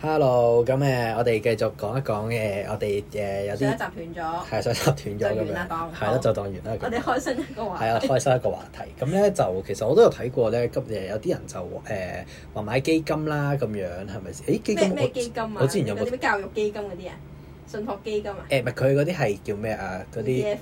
Hello，咁誒，我哋繼續講一講嘅，我哋誒有啲上一集斷咗，係上一集斷咗咁樣，係咯，就當完啦。我哋開新一個話題，係啊，開新一個話題。咁咧 就其實我都有睇過咧，今日有啲人就誒話、呃、買基金啦，咁樣係咪先？誒、欸、基金，我之前有冇？教育基金嗰啲啊，信託基金啊。誒唔係佢嗰啲係叫咩啊？嗰啲。E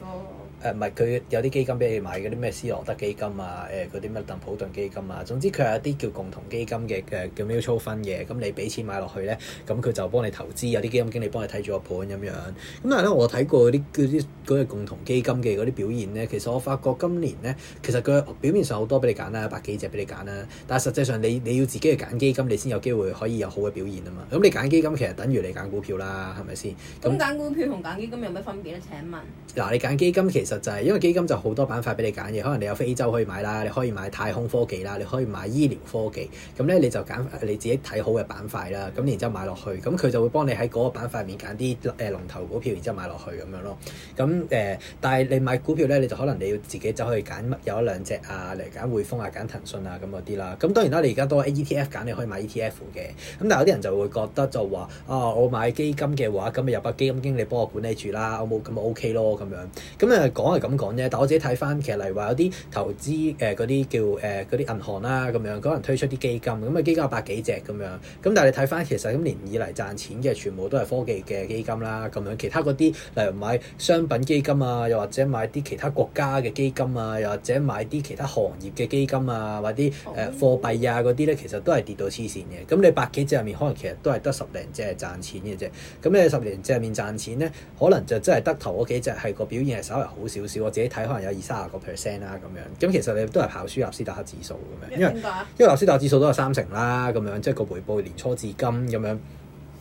誒唔係佢有啲基金俾你買嗰啲咩斯羅德基金啊，誒嗰啲咩鄧普頓基金啊，總之佢係一啲叫共同基金嘅，誒叫 mutual fund 嘅，咁你俾錢買落去咧，咁佢就幫你投資，有啲基金經理幫你睇住個盤咁樣。咁但係咧，我睇過嗰啲啲嗰共同基金嘅嗰啲表現咧，其實我發覺今年咧，其實佢表面上好多俾你揀啦，百幾隻俾你揀啦，但係實際上你你要自己去揀基金，你先有機會可以有好嘅表現啊嘛。咁你揀基金其實等於你揀股票啦，係咪先？咁揀股票同揀基金有咩分別咧？請問？嗱、啊，你揀基金其實其實就係因為基金就好多板塊俾你揀嘅，可能你有非洲可以買啦，你可以買太空科技啦，你可以買醫療科技，咁咧你就揀你自己睇好嘅板塊啦，咁然之後買落去，咁佢就會幫你喺嗰個板塊面揀啲誒龍頭股票，然之後買落去咁樣咯。咁誒，但係你買股票咧，你就可能你要自己走去揀，有一兩隻啊嚟揀匯豐啊，揀騰訊啊咁嗰啲啦。咁當然啦，你而家多 E T F 揀，你可以買 E T F 嘅。咁但係有啲人就會覺得就話啊、哦，我買基金嘅話，咁咪有把基金經理幫我管理住啦，我冇咁咪 O K 咯咁樣。咁講係咁講啫，但我自己睇翻，其實例如話有啲投資誒嗰啲叫誒嗰啲銀行啦咁樣，可能推出啲基金，咁啊基金有百幾隻咁樣，咁但係你睇翻其實今年以嚟賺錢嘅全部都係科技嘅基金啦咁樣，其他嗰啲例如買商品基金啊，又或者買啲其他國家嘅基金啊，又或者買啲其他行業嘅基金啊，或者誒貨幣啊嗰啲咧，其實都係跌到黐線嘅。咁你百幾隻入面可能其實都係得十零隻係賺錢嘅啫。咁你十零隻入面賺錢咧，可能就真係得頭嗰幾隻係個表現係稍為好。少少，我自己睇可能有二三十個 percent 啦，咁樣。咁其實你都係跑輸納斯達克指數咁樣，因為因為納斯達克指數都有三成啦，咁樣即係個回報年初至今咁樣。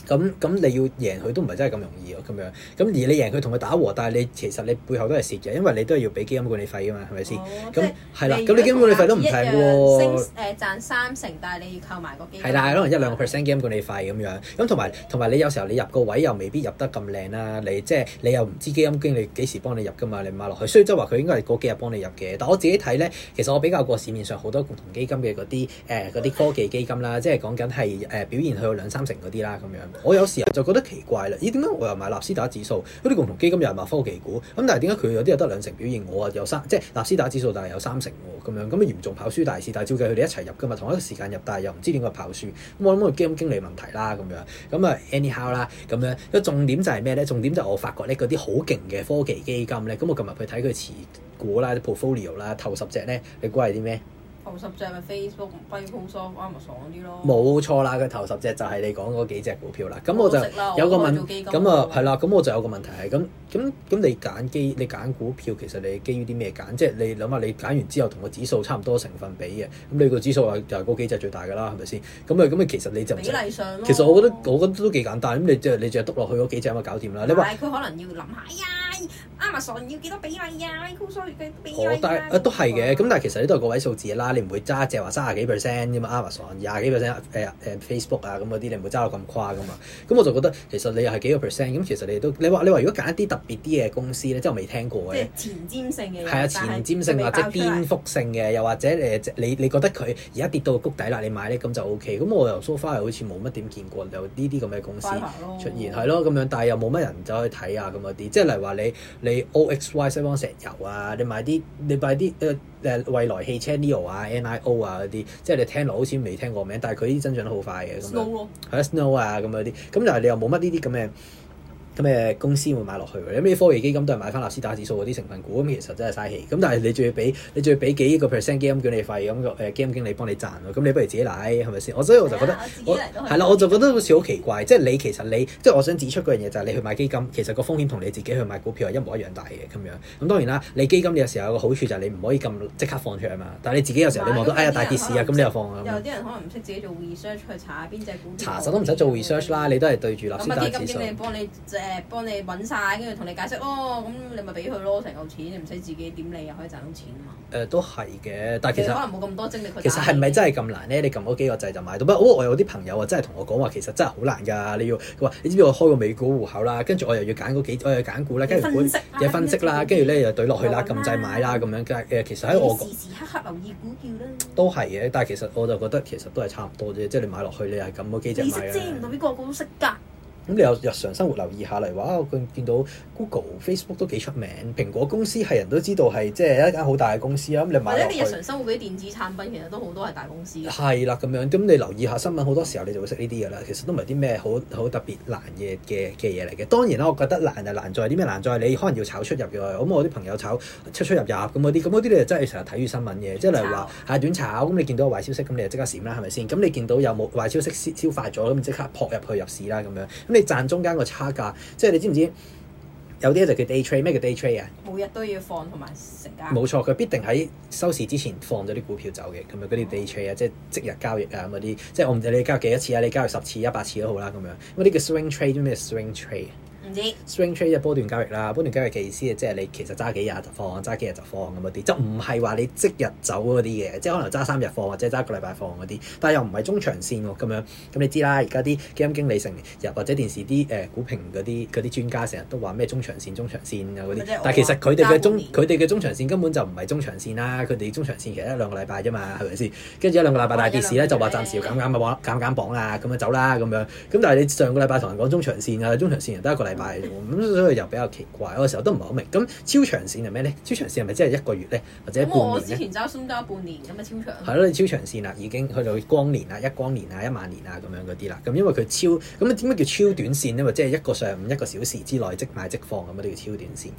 咁咁你要贏佢都唔係真係咁容易啊，咁樣咁而你贏佢同佢打和，但係你其實你背後都係蝕嘅，因為你都係要俾基金管理費㗎嘛，係咪先？咁係啦，咁你基金管理費都唔平喎。誒、呃、賺三成，但係你要扣埋個基金。係，但可能一兩個 percent 基金管理費咁樣，咁同埋同埋你有時候你入個位又未必入得咁靚啦，你即係你又唔知基金經理幾時幫你入㗎嘛，你買落去。所以即係話佢應該係個幾日幫你入嘅，但我自己睇咧，其實我比較過市面上好多共同基金嘅嗰啲誒啲科技基金啦， 即係講緊係誒表現佢有兩三成嗰啲啦，咁樣。我有時候就覺得奇怪啦，咦，點解我又買納斯達指數？嗰啲共同基金又係買科技股，咁但係點解佢有啲又得兩成表現，我啊有三，即係納斯達指數，但係有三成喎咁樣，咁啊嚴重跑輸大市。但係照計佢哋一齊入㗎嘛，同一個時間入，但係又唔知點解跑輸。我諗佢基金經理問題啦咁樣，咁啊 anyhow 啦咁樣。因為重點就係咩咧？重點就，呢重點就係我發覺咧，嗰啲好勁嘅科技基金咧，咁我琴日去睇佢持股，股啦、portfolio 啦、頭十隻咧，你估係啲咩？頭十隻咪 Facebook、啊、Facebook Amazon 啲咯。冇錯啦，佢頭十隻就係你講嗰幾隻股票啦。咁我就有個問，咁啊係啦。咁我就有個問題係咁，咁咁你揀基，你揀股票其實你基於啲咩揀？即係你諗下，你揀完之後同個指數差唔多成分比嘅。咁你個指數就係嗰幾隻最大㗎啦，係咪先？咁啊咁其實你就唔知、就是。其實我覺得我覺得都幾簡單。咁你即係你篤落去嗰幾隻咁搞掂啦。你話佢可能要諗下，哎呀，Amazon 要幾多比例啊 Google Search 要幾多比例哦，但係、啊、都係嘅。咁、啊、但係其實呢度個位數字啦。你唔會揸淨係話三十幾 percent 啫嘛，Amazon 廿幾 percent 誒誒 Facebook 啊咁嗰啲，你唔會揸到咁誇㗎嘛？咁我就覺得其實你又係幾個 percent，咁其實你都你話你話如果揀一啲特別啲嘅公司咧，即係我未聽過嘅，即係前瞻性嘅，係啊，前瞻性或者顛覆性嘅，又或者誒，你你覺得佢而家跌到谷底啦，你買咧咁就 OK。咁我又 so far 又好似冇乜點見過有呢啲咁嘅公司出現，係咯咁樣，但係又冇乜人走去睇啊咁啊啲，即係例如話你你 O X Y 西方石油啊，你買啲你買啲誒。呃誒未來汽車 Neo 啊，NIO 啊嗰啲，即係你聽落好似未聽過名，但係佢啲增長得好快嘅咁、哦嗯。Snow 啊，Snow 啊咁樣啲，咁但係你又冇乜呢啲咁嘅。咁誒公司會買落去，你啲科技基金都係買翻納斯達指數嗰啲成分股，咁其實真係嘥氣。咁但係你仲要俾你仲要俾幾個 percent 基金管理費，咁個誒基金經理幫你賺，咁你不如自己買，係咪先？我所以我就覺得，係啦、啊我啊，我就覺得好似、啊、好奇怪。即係你其實你即係我想指出嗰樣嘢就係、係、你去買基金，其實個風險同你自己去買股票係一模一樣大嘅咁樣。咁當然啦，你基金有時候有個好處就係你唔可以咁即刻放出啊嘛。但係你自己有時候你望到哎呀大跌市啊，咁你又放啊。有啲人可能唔識自己做 research 去查下邊隻股，票股，票股票。查實都唔使做 research 啦，你都係對住納斯達指數。咁啊基金經理幫你誒幫你揾曬，跟住同你解釋咯，咁、哦、你咪俾佢咯，成嚿錢你唔使自己點理，你又可以賺到錢嘛。誒、呃，都係嘅，但係其實可能冇咁多精力。其實係咪真係咁難咧？你撳嗰幾個掣就買到咩？哦，我有啲朋友啊，真係同我講話，其實真係好難噶。你要佢話，你知唔知我開個美股戶口啦？跟住我又要揀我又要揀股啦，跟住管嘅分析啦，跟住咧又對落去啦，撳掣買啦，咁樣、呃。其實喺我時時刻刻留意股票都係嘅，但係其實我就覺得其實都係差唔多啫，即係你買落去你係撳幾隻實就買唔同邊個個都識咁你又日常生活留意下嚟，哇！佢見到 Google、Facebook 都幾出名，蘋果公司係人都知道係即係一間好大嘅公司啊。咁你買落去你日常生活嗰啲電子產品，其實都好多係大公司。係啦，咁樣咁你留意下新聞，好多時候你就會識呢啲嘢啦。其實都唔係啲咩好好特別難嘅嘅嘅嘢嚟嘅。當然啦，我覺得難就難在啲咩難在你可能要炒出入嘅。咁我啲朋友炒出出入入咁嗰啲，咁嗰啲你就真係成日睇住新聞嘅，即係例如話下炒、啊、短炒，咁你見到個壞消息，咁你就即刻閃啦，係咪先？咁你見到有冇壞消息消快咗，咁即刻撲入去入市啦，咁樣。即你賺中間個差價，即係你知唔知有啲嘢就叫 day trade，咩叫 day trade 啊？每日都要放同埋成交。冇錯，佢必定喺收市之前放咗啲股票走嘅，咁啊嗰啲 day trade 啊，即係即,即,即,即日交易啊嗰啲，即係我唔知你交易幾多次啊？你交易十次、一百次都好啦，咁樣咁啊啲叫 swing trade，咩叫 swing trade？唔知 swing trade 即係波段交易啦，波段交易嘅意思啊，即係你其實揸幾日就放，揸幾日就放咁嗰啲，就唔係話你即日走嗰啲嘅，即係可能揸三日放或者揸一個禮拜放嗰啲，但係又唔係中長線喎、哦、咁樣。咁你知啦，而家啲基金經理成日或者電視啲誒股評嗰啲嗰啲專家成日都話咩中長線中長線啊嗰啲，但係其實佢哋嘅中佢哋嘅中長線根本就唔係中長線啦，佢哋中長線其實一兩個禮拜啫嘛，係咪先？跟住一兩個禮拜，對大跌市咧就話暫時減減嘅磅減減磅啊，咁啊走啦咁樣。咁但係你上個禮拜同人講中長線啊，中長線又得一個禮。咁 所以又比較奇怪，我個時候都唔係好明白。咁超長線係咩咧？超長線係咪即係一個月咧，或者半年咁我之前揸松揸半年咁啊，係咪超長？係咯，你超長線啦，已經去到光年啦、一光年啊、一萬年啊咁樣嗰啲啦。咁因為佢超，咁啊點解叫超短線啊？嘛、嗯，即係一個上午一個小時之內即買即放咁啊，都叫超短線咁樣、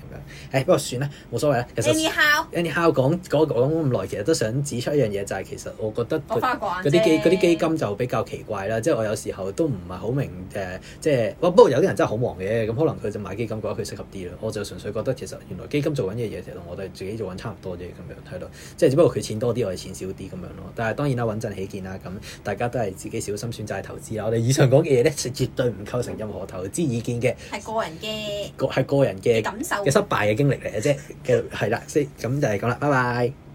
哎。不過算啦，冇所謂啦。Anyhow，Anyhow，講講講咁耐，其實都想指出一樣嘢，就係、是、其實我覺得嗰啲基嗰啲基金就比較奇怪啦。即係我有時候都唔係好明誒，即係不過有啲人真係好忙嘅。咁可能佢就買基金覺得佢適合啲咯。我就純粹覺得，其實原來基金做緊嘅嘢，其實同我哋自己做緊差唔多啫，咁樣睇咯。即係只不過佢錢多啲，我哋錢少啲咁樣咯。但係當然啦，穩陣起見啦，咁大家都係自己小心選擇投資啦。我哋以上講嘅嘢咧，係絕對唔構成任何投資意見嘅，係個人嘅個係個人嘅感受嘅失敗嘅經歷嚟嘅啫。嘅係啦，所以咁就係咁啦，拜拜。